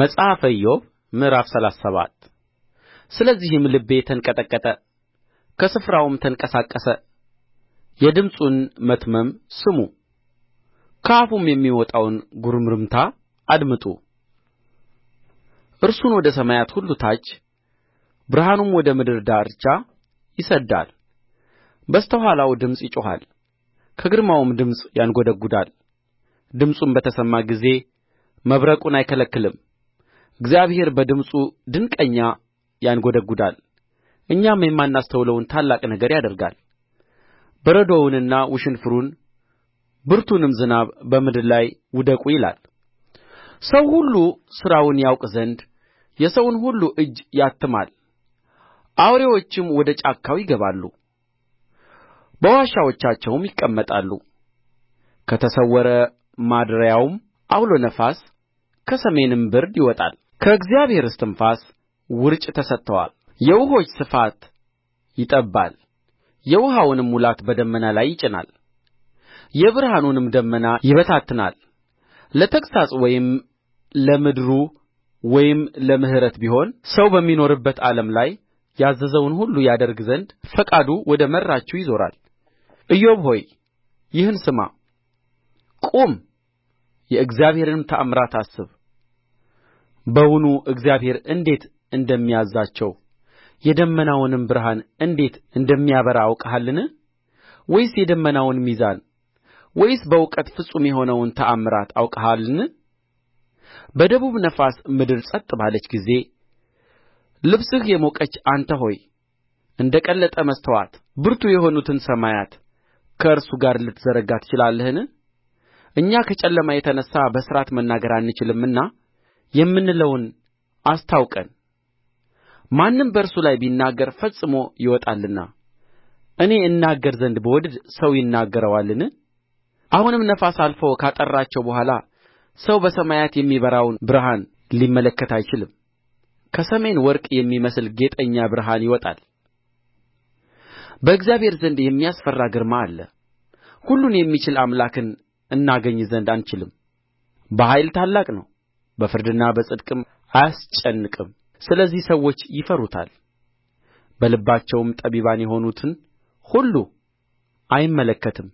መጽሐፈ ኢዮብ ምዕራፍ ሰላሳ ሰባት ስለዚህም ልቤ ተንቀጠቀጠ ከስፍራውም ተንቀሳቀሰ የድምፁን መትመም ስሙ ከአፉም የሚወጣውን ጉርምርምታ አድምጡ እርሱን ወደ ሰማያት ሁሉ ታች ብርሃኑም ወደ ምድር ዳርቻ ይሰድዳል በስተ ኋላው ድምፅ ይጮኻል ከግርማውም ድምፅ ያንጐደጕዳል ድምፁም በተሰማ ጊዜ መብረቁን አይከለክልም እግዚአብሔር በድምፁ ድንቅኛ ያንጐደጕዳል እኛም የማናስተውለውን ታላቅ ነገር ያደርጋል በረዶውንና ውሽንፍሩን ብርቱንም ዝናብ በምድር ላይ ውደቁ ይላል ሰው ሁሉ ሥራውን ያውቅ ዘንድ የሰውን ሁሉ እጅ ያትማል አውሬዎችም ወደ ጫካው ይገባሉ በዋሾቻቸውም ይቀመጣሉ ከተሰወረ ማደሪያውም ዐውሎ ነፋስ ከሰሜንም ብርድ ይወጣል ከእግዚአብሔር እስትንፋስ ውርጭ ተሰጥተዋል። የውኆች ስፋት ይጠብባል፣ የውኃውንም ሙላት በደመና ላይ ይጭናል፣ የብርሃኑንም ደመና ይበታትናል። ለተግሣጽ ወይም ለምድሩ ወይም ለምሕረት ቢሆን ሰው በሚኖርበት ዓለም ላይ ያዘዘውን ሁሉ ያደርግ ዘንድ ፈቃዱ ወደ መራችው ይዞራል። ኢዮብ ሆይ ይህን ስማ፣ ቁም፣ የእግዚአብሔርንም ተአምራት አስብ። በውኑ እግዚአብሔር እንዴት እንደሚያዝዛቸው የደመናውንም ብርሃን እንዴት እንደሚያበራ አውቀሃልን ወይስ የደመናውን ሚዛን ወይስ በእውቀት ፍጹም የሆነውን ተአምራት አውቀሃልን በደቡብ ነፋስ ምድር ጸጥ ባለች ጊዜ ልብስህ የሞቀች አንተ ሆይ እንደ ቀለጠ መስተዋት ብርቱ የሆኑትን ሰማያት ከእርሱ ጋር ልትዘረጋ ትችላለህን እኛ ከጨለማ የተነሣ በሥርዓት መናገር አንችልምና የምንለውን አስታውቀን ማንም በእርሱ ላይ ቢናገር ፈጽሞ ይወጣልና እኔ እናገር ዘንድ ብወድድ ሰው ይናገረዋልን አሁንም ነፋስ አልፎ ካጠራቸው በኋላ ሰው በሰማያት የሚበራውን ብርሃን ሊመለከት አይችልም ከሰሜን ወርቅ የሚመስል ጌጠኛ ብርሃን ይወጣል በእግዚአብሔር ዘንድ የሚያስፈራ ግርማ አለ ሁሉን የሚችል አምላክን እናገኝ ዘንድ አንችልም በኃይል ታላቅ ነው በፍርድና በጽድቅም አያስጨንቅም ስለዚህ ሰዎች ይፈሩታል በልባቸውም ጠቢባን የሆኑትን ሁሉ አይመለከትም